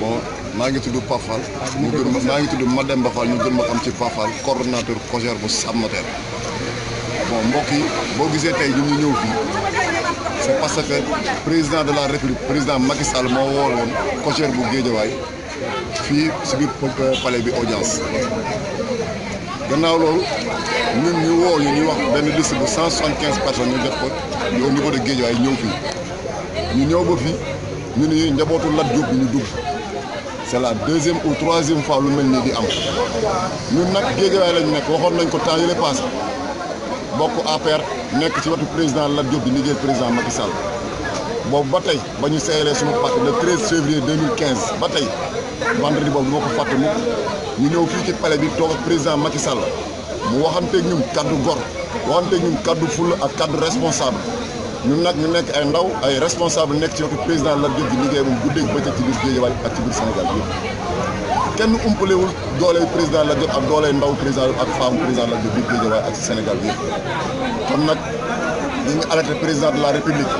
bon maa ngi tudd Pafal mu gën maa ngi tudd Mademba Fall ñu gën ma xam ci Pafal coordonnateur COJER bu Sam Notaire bon mbokk boo gisee tey ñun ñu ñëw fii c'est parce président de la république président Macky Sall moo woowoon COJER bu Géejawaay fii si biir palais bi audience gannaaw loolu ñun ñu woo ñu ñuy wax benn liste bu 175 personnes ñu def ko au niveau de Géejawaay ñëw fii ñu ñëw ba fii ñu ne njabootu Lat Diop bi ñu dugg c'est la deuxième ou troisième fois lu mel nii di am ñun nag Géejawaay lañu nekk waxoon nañ ko temps yële passé bokk APR nekk ci wetu président Lat Diop di liggéey président Macky Sall boobu ba tey ba ñu seeyalee suñu parti le 13 février 2015 ba tey vendredi boobu moo ko fàtte mu ñu ñëw fii ci pale bi toog ak président Macky Sall mu waxanteeg ñun kaddu gor waxanteeg ñun kaddu fulla ak kaddu responsable ñun nag ñu nekk ay ndaw ay responsable nekk ci wetu président la Diop di liggéey moom guddeeg bëccëg ci biir Guédiawaye ak ci biir Sénégal yëpp kenn umpalewul dooley président la Diop ak dooley ndaw président ak femme président Lat Diop biir Guédiawaye ak ci Sénégal yëpp kon nag ñu ngi arrêté président la République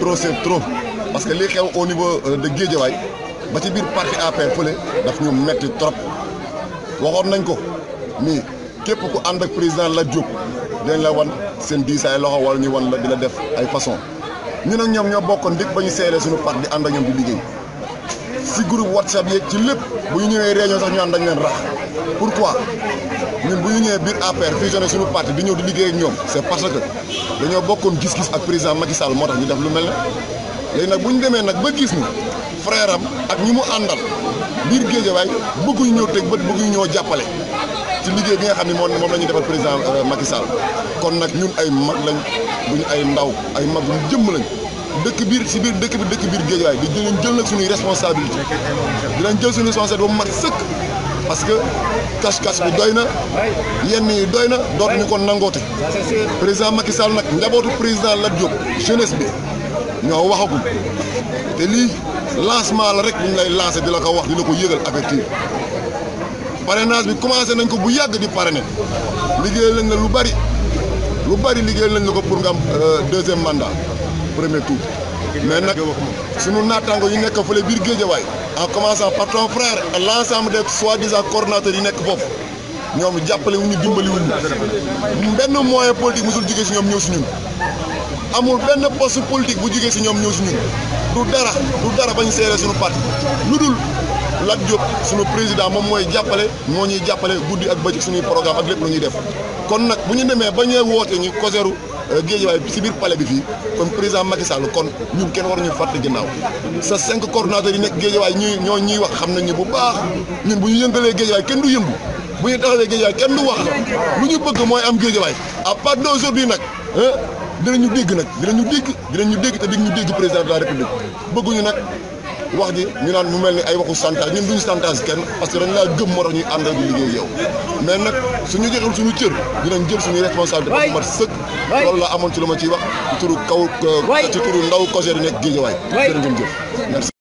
trop c'est trop parce que li xew au niveau euh, de Guédiawaye ba ci biir parti APR fële daf ñu metti trop waxoon nañ ko nii képp ku ànd ak président la Diop dañ la wan seen diis ay loxo wala ñu wan la di la def ay façon ñun ak ñoom ñoo bokkoon ndik ba ñu seelee suñu part di ànd ak ñoom di liggéey si groupe whatsapp yeeg ci lépp bu ñu ñëwee réunion sax ñu ànd ak leen rax pourquoi ñun bu ñu ñëwee biir APR fusionné suñu parti di ñëw di liggéey ak ñoom c'est parce que dañoo bokkoon gis-gis ak président Macky Sall moo tax ñu def lu mel ne léegi nag bu ñu demee nag ba gis ni frère am ak ñi mu àndal biir Géejawaay bëgguñu ñëw teg bët bëgguñu ñëw jàppale ci liggéey bi nga xam ne moom moom la ñuy defal président euh, Macky Sall kon nag ñun ay mag lañ duñu ay ndaw ay mag ñu jëmm lañ dëkk biir si biir dëkk bi dëkk biir géej waay di jëleen jël nag suñuy responsabilité dinañ jël suñu responsabilité ba mu mat sëkk parce que cash-cash bi doy na yenn yi doy na dootuñu ko nangoote président Macky Sall nag njabootu président Lat Diop jeunesse bi ñoo waxagul te lii lancement la rek bu ñu lay lancé di la ko wax di la ko yëgal avertir parrainage bi commencé nañ ko bu yàgg di parrainer liggéeyal nañ la lu bari lu bari liggéeyal nañ la ko pour nga am euh, deuxième mandat premier tour mais nag suñu naataango yi nekk fële biir Géejawaay en commençant par ton frère et l' ensemble des soi-disant yi nekk foofu ñoom jàppale wu ñu dimbali wu ñu benn moyen politique musul jugee si ñoom ñëw si ñun amul benn poste politique bu jugee si ñoom ñëw si ñun du dara du dara bañ seere suñu parti lu dul Lat Diop suñu président moom mooy jàppale moo ñuy jàppale guddi ak bëccëg suñuy programme ak lépp lu ñuy def kon nag bu ñu demee ba ñëwee woote ñu Cogeru euh, Guédiawaye si biir palais bi fii kon président Macky Sall kon ñu kenn ñu fàtte ginnaaw sa cinq coordonnateurs yi nekk Guédiawaye ñuy ñoo ñuy wax xam nañu bu baax ñun bu ñu yëngalee Guédiawaye kenn du yëngu bu ñu taxawee Guédiawaye kenn du wax lu ñu bëgg mooy am Guédiawaye à partir d'aujourd'hui nag dinañu dégg nag dinañu dégg dinañu dégg te dinañu dégg président de la bëgguñu nag wax ji ñu naan mu mel ni ay waxu chantage ñun duñu chantage kenn parce que dañ laa gëm moo tax ñuy ànd ak di liggéey yow mais nag suñu joxul suñu cër dinañ jël suñuy responsabilité ba mat sëkk loolu la amoon ci lu ma ciy wax ci turu kaw ci turu ndaw Kogère yi nekk Guédiawaye jërëngeen jëf merci